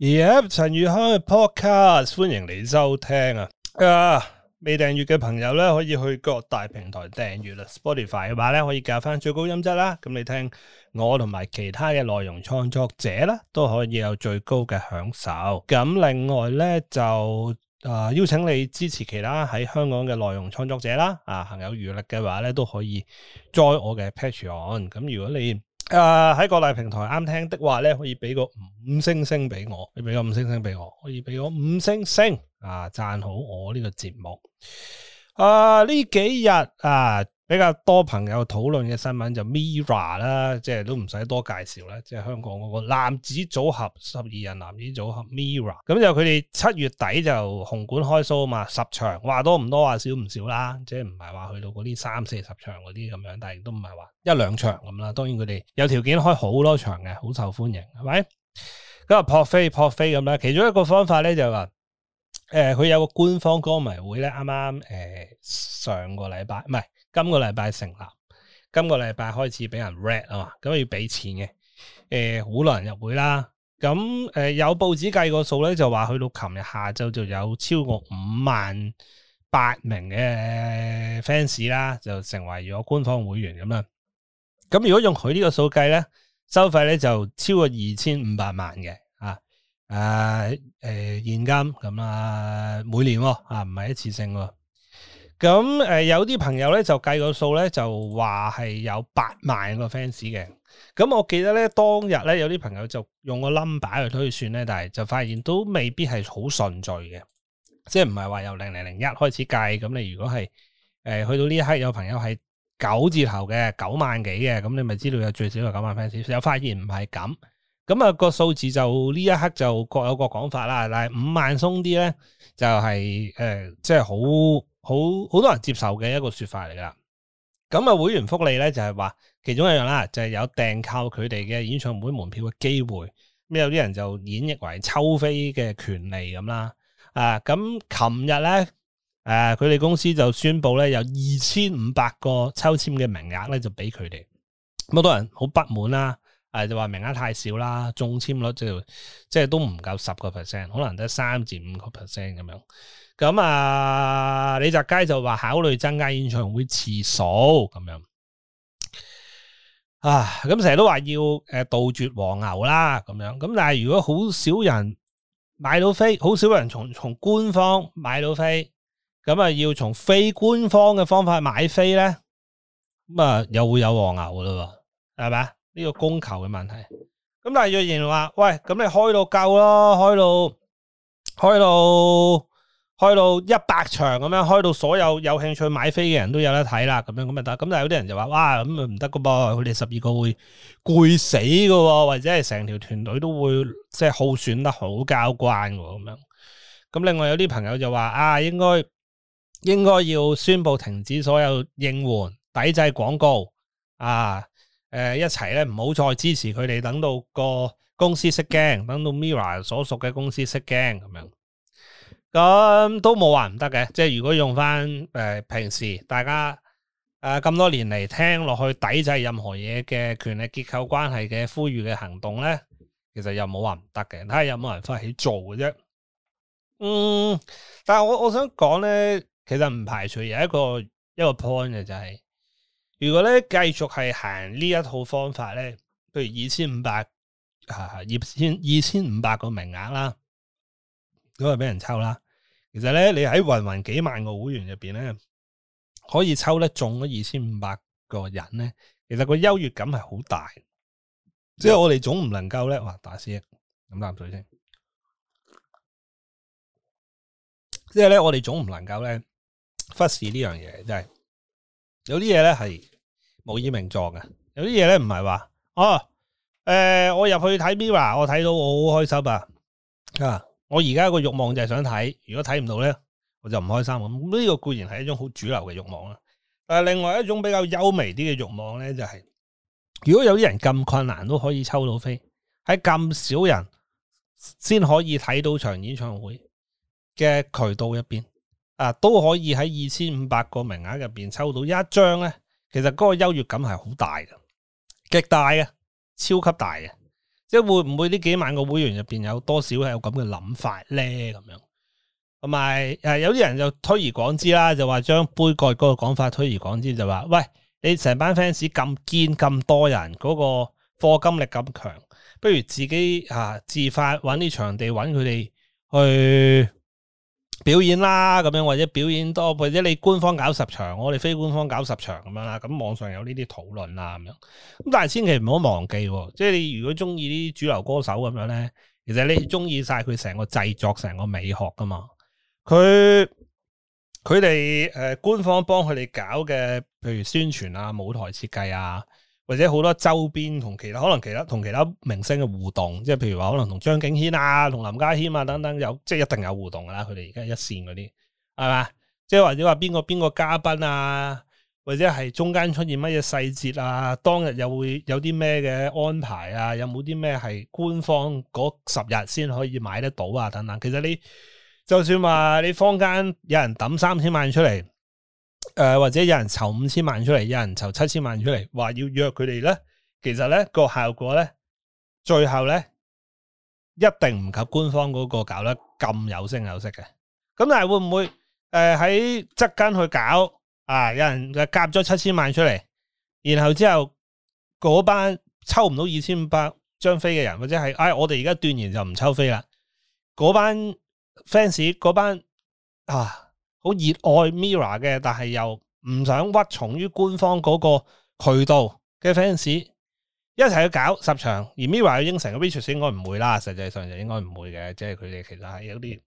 而 F 陳宇康嘅 podcast，歡迎你收聽啊！啊，未訂閱嘅朋友咧，可以去各大平台訂閱啦。Spotify 嘅話咧，可以較返最高音質啦。咁你聽我同埋其他嘅內容創作者咧，都可以有最高嘅享受。咁另外咧就啊，邀請你支持其他喺香港嘅內容創作者啦。啊，行有餘力嘅話咧，都可以 join 我嘅 Patreon。咁如果你誒、呃，喺各大平台啱聽的話呢，可以畀個五星星畀我，你畀個五星星畀我，可以畀個五星星啊，讚好我呢個節目。誒，呢幾日啊。比較多朋友討論嘅新聞就 MIRROR 啦，即係都唔使多介紹啦。即係香港嗰個男子組合十二人男子組合 MIRROR 咁就佢哋七月底就紅館開 show 啊嘛，十場話多唔多話少唔少啦，即係唔係話去到嗰啲三四十場嗰啲咁樣，但係都唔係話一兩場咁啦。當然佢哋有條件開好多場嘅，好受歡迎係咪？咁啊撲飛撲飛咁啦。其中一個方法咧就係、是、話，誒、呃，佢有個官方歌迷會咧，啱啱誒上個禮拜唔係。今個禮拜成立，今個禮拜開始俾人 read 啊嘛，咁要俾錢嘅，誒，好多人入會啦，咁誒、呃、有報紙計個數咧，就話去到琴日下晝就有超過五萬八名嘅 fans 啦，就成為咗官方會員咁啦，咁如果用佢呢個數計咧，收費咧就超過二千五百萬嘅，啊，誒、呃，現金咁啊，每年啊唔係一次性。咁誒，有啲朋友咧就計個數咧，就話係有八萬個 fans 嘅。咁我記得咧，當日咧有啲朋友就用個 number 去推算咧，但係就發現都未必係好順序嘅，即係唔係話由零零零一開始計。咁你如果係誒、呃、去到呢一刻，有朋友係九字頭嘅九萬幾嘅，咁你咪知道有最少有九萬 fans。又發現唔係咁，咁、那、啊個數字就呢一刻就各有各講法啦。但係，五萬鬆啲咧就係、是、誒、呃，即係好。好好多人接受嘅一個說法嚟噶，咁啊會員福利咧就係話，其中一樣啦就係、是、有訂購佢哋嘅演唱會門票嘅機會，咁有啲人就演繹為抽飛嘅權利咁啦，啊咁，琴日咧誒，佢、啊、哋公司就宣布咧有二千五百個抽簽嘅名額咧就俾佢哋，咁多人好不滿啦，誒、啊、就話名額太少啦，中簽率就即、是、係、就是、都唔夠十個 percent，可能得三至五個 percent 咁樣。咁、嗯、啊，李澤楷就話考慮增加演唱會次數咁樣啊，咁成日都話要誒、呃、杜絕黃牛啦，咁樣咁、嗯、但係如果好少人買到飛，好少人從從官方買到飛，咁啊要從非官方嘅方法買飛咧，咁、嗯、啊又會有黃牛噶啦，係咪？呢個供求嘅問題，咁、嗯、但係若然話，喂，咁你開到夠咯，開到開到。開到一百場咁樣，開到所有有興趣買飛嘅人都有得睇啦，咁樣咁咪得。咁但係有啲人就話，哇，咁啊唔得噶噃，佢哋十二個會攰死噶，或者係成條團隊都會即係耗損得好交關。咁樣，咁另外有啲朋友就話啊，應該應該要宣布停止所有應援、抵制廣告啊，誒一齊咧唔好再支持佢哋，等到個公司識驚，等到 MIRROR 所屬嘅公司識驚咁樣。咁都冇話唔得嘅，即係如果用翻誒、呃、平時大家誒咁、呃、多年嚟聽落去抵制任何嘢嘅權力結構關係嘅呼籲嘅行動咧，其實又冇話唔得嘅。睇下有冇人翻去做嘅啫。嗯，但係我我想講咧，其實唔排除有一個一個 point 嘅就係、是，如果咧繼續係行呢一套方法咧，譬如二千五百啊二千二千五百個名額啦，都係俾人抽啦。其實咧，你喺云云幾萬個會員入邊咧，可以抽咧中咗二千五百個人咧，其實個優越感係好大，嗯。即係我哋總唔能夠咧，話大師，咁啖水先。即係咧，我哋總唔能夠咧忽視呢樣嘢，即係有啲嘢咧係無以名狀嘅，有啲嘢咧唔係話哦，誒、啊呃，我入去睇 Mirror，我睇到我好開心啊，啊！我而家個欲望就係想睇，如果睇唔到咧，我就唔開心。咁，呢個固然係一種好主流嘅欲望啦，但、啊、係另外一種比較幽微啲嘅欲望咧，就係、是、如果有啲人咁困難都可以抽到飛，喺咁少人先可以睇到場演唱會嘅渠道入邊啊，都可以喺二千五百個名額入邊抽到一張咧，其實嗰個優越感係好大嘅，極大嘅，超級大嘅。即係會唔會呢幾萬個會員入邊有多少係有咁嘅諗法咧？咁樣同埋誒，有啲人就推而廣之啦，就話將杯葛嗰個講法推而廣之，就話喂，你成班 fans 咁堅咁多人，嗰、嗰個課金力咁強，不如自己、啊、自發搵啲場地搵佢哋去。表演啦咁樣，或者表演多，或者你官方搞十場，我哋非官方搞十場咁樣啦。咁網上有呢啲討論啦咁樣。咁但係千祈唔好忘記，即係你如果中意啲主流歌手咁樣咧，其實你中意晒佢成個製作、成個美學噶嘛。佢佢哋誒，官方幫佢哋搞嘅，譬如宣傳啊、舞台設計啊。或者好多周邊同其他可能其他同其他明星嘅互動，即係譬如話可能同張敬軒啊、同林家謙啊等等有，即係一定有互動噶啦。佢哋而家一線嗰啲係嘛，即係或者話邊個邊個嘉賓啊，或者係中間出現乜嘢細節啊，當日又會有啲咩嘅安排啊，有冇啲咩係官方嗰十日先可以買得到啊？等等，其實你就算話你坊間有人抌三千萬出嚟。誒、呃，或者有人籌五千萬出嚟，有人籌七千萬出嚟，話要約佢哋咧。其實咧、那個效果咧，最後咧一定唔及官方嗰個搞得咁有聲有色嘅。咁但係會唔會誒喺側間去搞啊？有人就夾咗七千萬出嚟，然後之後嗰班抽唔到二千五百張飛嘅人，或者係唉、哎，我哋而家斷言就唔抽飛啦。嗰班 fans，嗰班啊。好熱愛 MIRROR 嘅，但係又唔想屈從於官方嗰個渠道嘅 fans，一齊去搞十場。而 MIRROR 要應承嘅 v i t r e s 應該唔會啦，實際上就應該唔會嘅，即係佢哋其實係有啲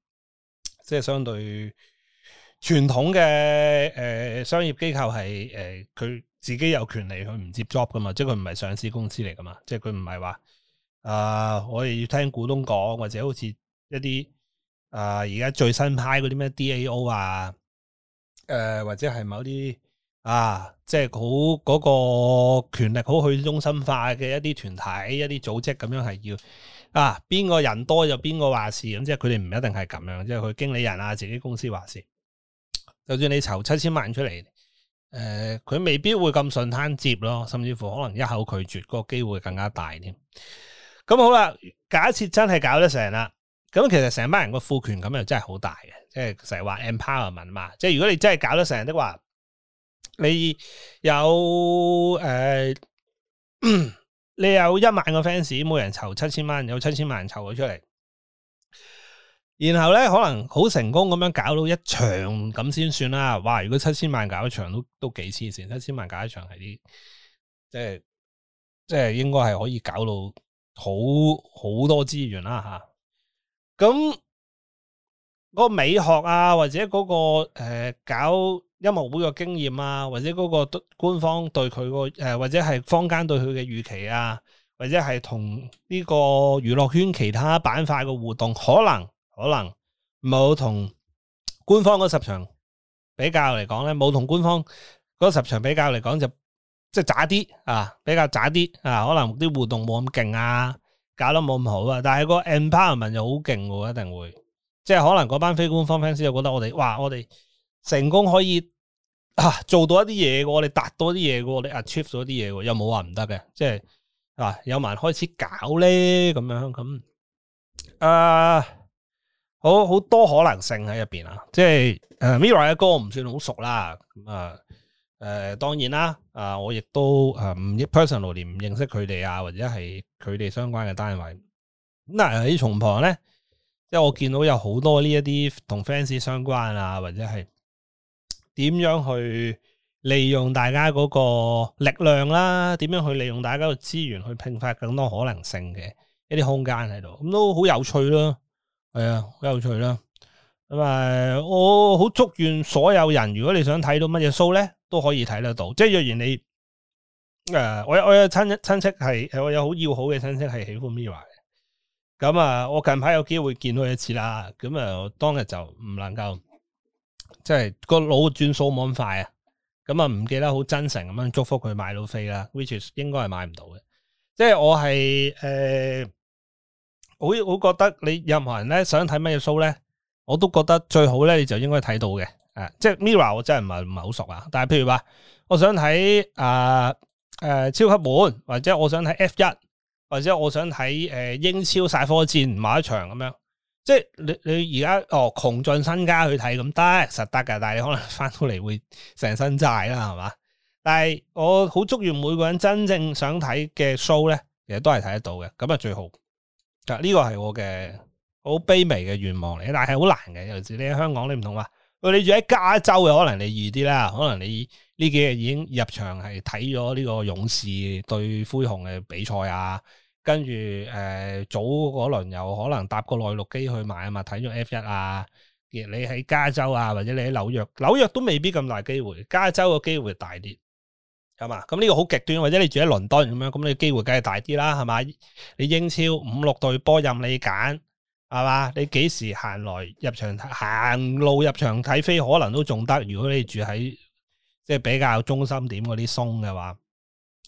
即係相對傳統嘅誒、呃、商業機構係誒佢自己有權利，去唔接 job 噶嘛，即係佢唔係上市公司嚟噶嘛，即係佢唔係話啊我哋要聽股東講或者好似一啲。誒、呃，而家最新派嗰啲咩 DAO 啊，誒、呃，或者係某啲啊，即係好嗰個權力好去中心化嘅一啲團體、一啲組織樣要，咁樣係要啊，邊個人多就邊個話事，咁即係佢哋唔一定係咁樣，即係佢經理人啊，自己公司話事。就算你籌七千萬出嚟，誒、呃，佢未必會咁順攤接咯，甚至乎可能一口拒絕，嗰個機會更加大添。咁好啦，假設真係搞得成啦。咁其實成班人個賦權感又真係好大嘅，即係成日話 empowerment 嘛。即係如果你真係搞到成日都話，你有誒、呃，你有一萬個 fans，每人籌七千蚊，有七千萬人籌咗出嚟，然後咧可能好成功咁樣搞到一場咁先算啦。哇！如果七千萬搞一場都都幾黐線，七千萬搞一場係啲即係即係應該係可以搞到好好多資源啦吓。咁嗰個美學啊，或者嗰個誒搞音樂會嘅經驗啊，或者嗰個官方對佢個誒，或者係坊間對佢嘅預期啊，或者係同呢個娛樂圈其他板塊嘅互動，可能可能冇同官方嗰十場比較嚟講咧，冇同官方嗰十場比較嚟講就即係渣啲啊，比較渣啲啊，可能啲互動冇咁勁啊。搞得冇咁好啊，但係個 Empowerment 又好勁喎，一定會，即係可能嗰班非官方 fans 又覺得我哋，哇，我哋成功可以、啊、做到一啲嘢，我哋達到啲嘢，我哋 achieve 咗啲嘢，又冇話唔得嘅，即係啊，有埋開始搞咧，咁樣咁，啊，好好多可能性喺入邊啊，即係誒，Mirror 嘅歌唔算好熟啦，咁啊。誒、呃，當然啦，啊、呃，我亦都誒唔亦 personally，唔、呃、認識佢哋啊，或者係佢哋相關嘅單位。嗱啊喺從旁咧，即係我見到有好多呢一啲同 fans 相關啊，或者係點樣去利用大家嗰個力量啦，點樣去利用大家嘅資源去拼發更多可能性嘅一啲空間喺度，咁都好有趣咯。係啊，好有趣啦。咁啊、呃，我好祝願所有人，如果你想睇到乜嘢 show 咧。都可以睇得到，即係若然你誒，我有我有親親戚係，我有好要好嘅親戚係喜歡 MIRROR 嘅，咁啊，我近排有機會見佢一次啦，咁啊，當日就唔能夠，即係個腦轉數冇咁快啊，咁啊，唔記得好真誠咁樣祝福佢買到飛啦，Which is 應該係買唔到嘅，即係我係誒、呃，我好覺得你任何人咧想睇乜嘢 show 咧，我都覺得最好咧你就應該睇到嘅。誒，即係 Mirror，我真係唔係唔係好熟啊！但係譬如話，我想睇誒誒超級碗，或者我想睇 F 一，或者我想睇誒、啊、英超晒科戰某一場咁樣，即係你你而家哦窮盡身家去睇咁得實得噶，但係你可能翻到嚟會成身債啦，係嘛？但係我好祝願每個人真正想睇嘅 show 咧，其實都係睇得到嘅，咁啊最好。嗱、啊、呢、這個係我嘅好卑微嘅願望嚟，但係好難嘅，尤其是你喺香港，你唔同嘛。喂，你住喺加州嘅，可能你易啲啦，可能你呢幾日已經入場係睇咗呢個勇士對灰熊嘅比賽啊，跟住誒、呃、早嗰輪又可能搭個內陸機去買啊嘛，睇咗 F 一啊，你喺加州啊，或者你喺紐約，紐約都未必咁大機會，加州個機會大啲，係嘛？咁呢個好極端，或者你住喺倫敦咁樣，咁你機會梗係大啲啦，係嘛？你英超五六隊波任你揀。係嘛？你幾時行來入場，行路入場睇飛，可能都仲得。如果你住喺即係比較中心點嗰啲松嘅話，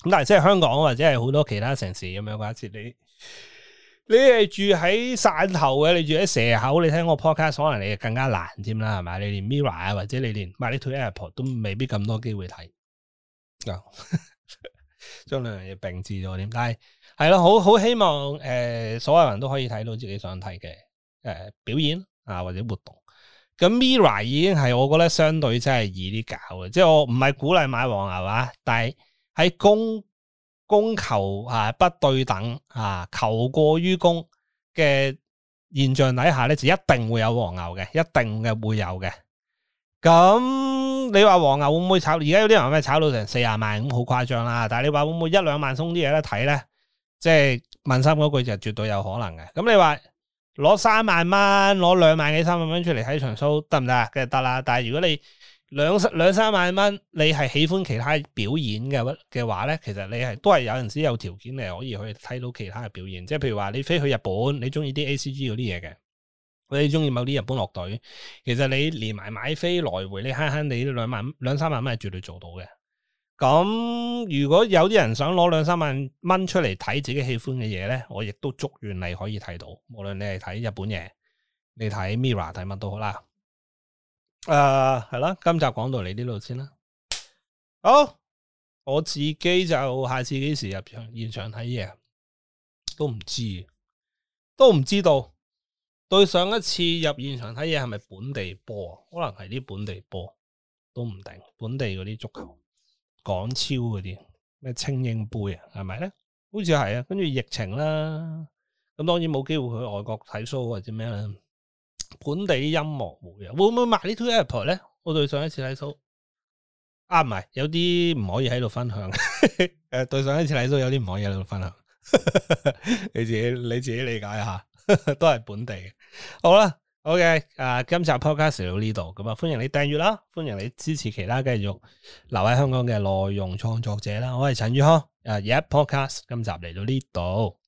咁但係即係香港或者係好多其他城市咁樣嗰一次，你，你係住喺汕頭嘅，你住喺蛇口，你聽我 podcast 可能你就更加難添啦，係咪？你連 Mirror 啊，或者你連 My Little Airport 都未必咁多機會睇。 將兩樣嘢並置咗點解，但係係咯，好好希望誒、呃，所有人都可以睇到自己想睇嘅誒表演啊，或者活動。咁 MIRROR 已經係我覺得相對真係易啲搞嘅，即係我唔係鼓勵買黃牛啊，但係喺供供求啊不對等啊，求過於供嘅現象底下咧，就一定會有黃牛嘅，一定嘅會有嘅。咁、嗯、你話黃牛會唔會炒？而家有啲人係咪炒到成四十萬咁好誇張啦？但係你話會唔會一兩萬鬆啲嘢咧睇咧？即、就、係、是、問心嗰句就絕對有可能嘅。咁、嗯、你話攞三萬蚊、攞兩萬幾、三萬蚊出嚟睇場 show 得唔得啊？梗係得啦。但係如果你兩兩三萬蚊，你係喜歡其他表演嘅嘅話咧，其實你係都係有陣時有條件嚟可以去睇到其他嘅表演。即係譬如話你飛去日本，你中意啲 A C G 嗰啲嘢嘅。你中意某啲日本樂隊，其實你連埋買飛來回，你慳慳你兩萬兩三萬蚊係絕對做到嘅。咁如果有啲人想攞兩三萬蚊出嚟睇自己喜歡嘅嘢咧，我亦都祝願你可以睇到。無論你係睇日本嘢，你睇 Mirror 睇乜都好啦。啊、呃，係啦，今集講到你呢度先啦。好，我自己就下次幾時入場現場睇嘢都唔知，都唔知道。對上一次入現場睇嘢係咪本地波？可能係啲本地波，都唔定，本地嗰啲足球、港超嗰啲咩青英杯啊，係咪呢？好似係呀，跟住疫情啦，咁當然冇機會去外國睇 show 或者咩啦。本地音樂會，會唔會買呢套 app 呢？我對上一次睇 show 啊，唔係，有啲唔可以喺度分享。誒， 對上一次睇 show 有啲唔可以喺度分享， 你自己你自己理解一下。 都是本地的，好啦，好嘅，OK, 啊，今集 podcast 來到這裏，咁啊，歡迎你訂閱啦，歡迎你支持其他繼續留在香港的內容創作者啦，我是陳宇康，啊，而、yep, podcast 今集來到這裏。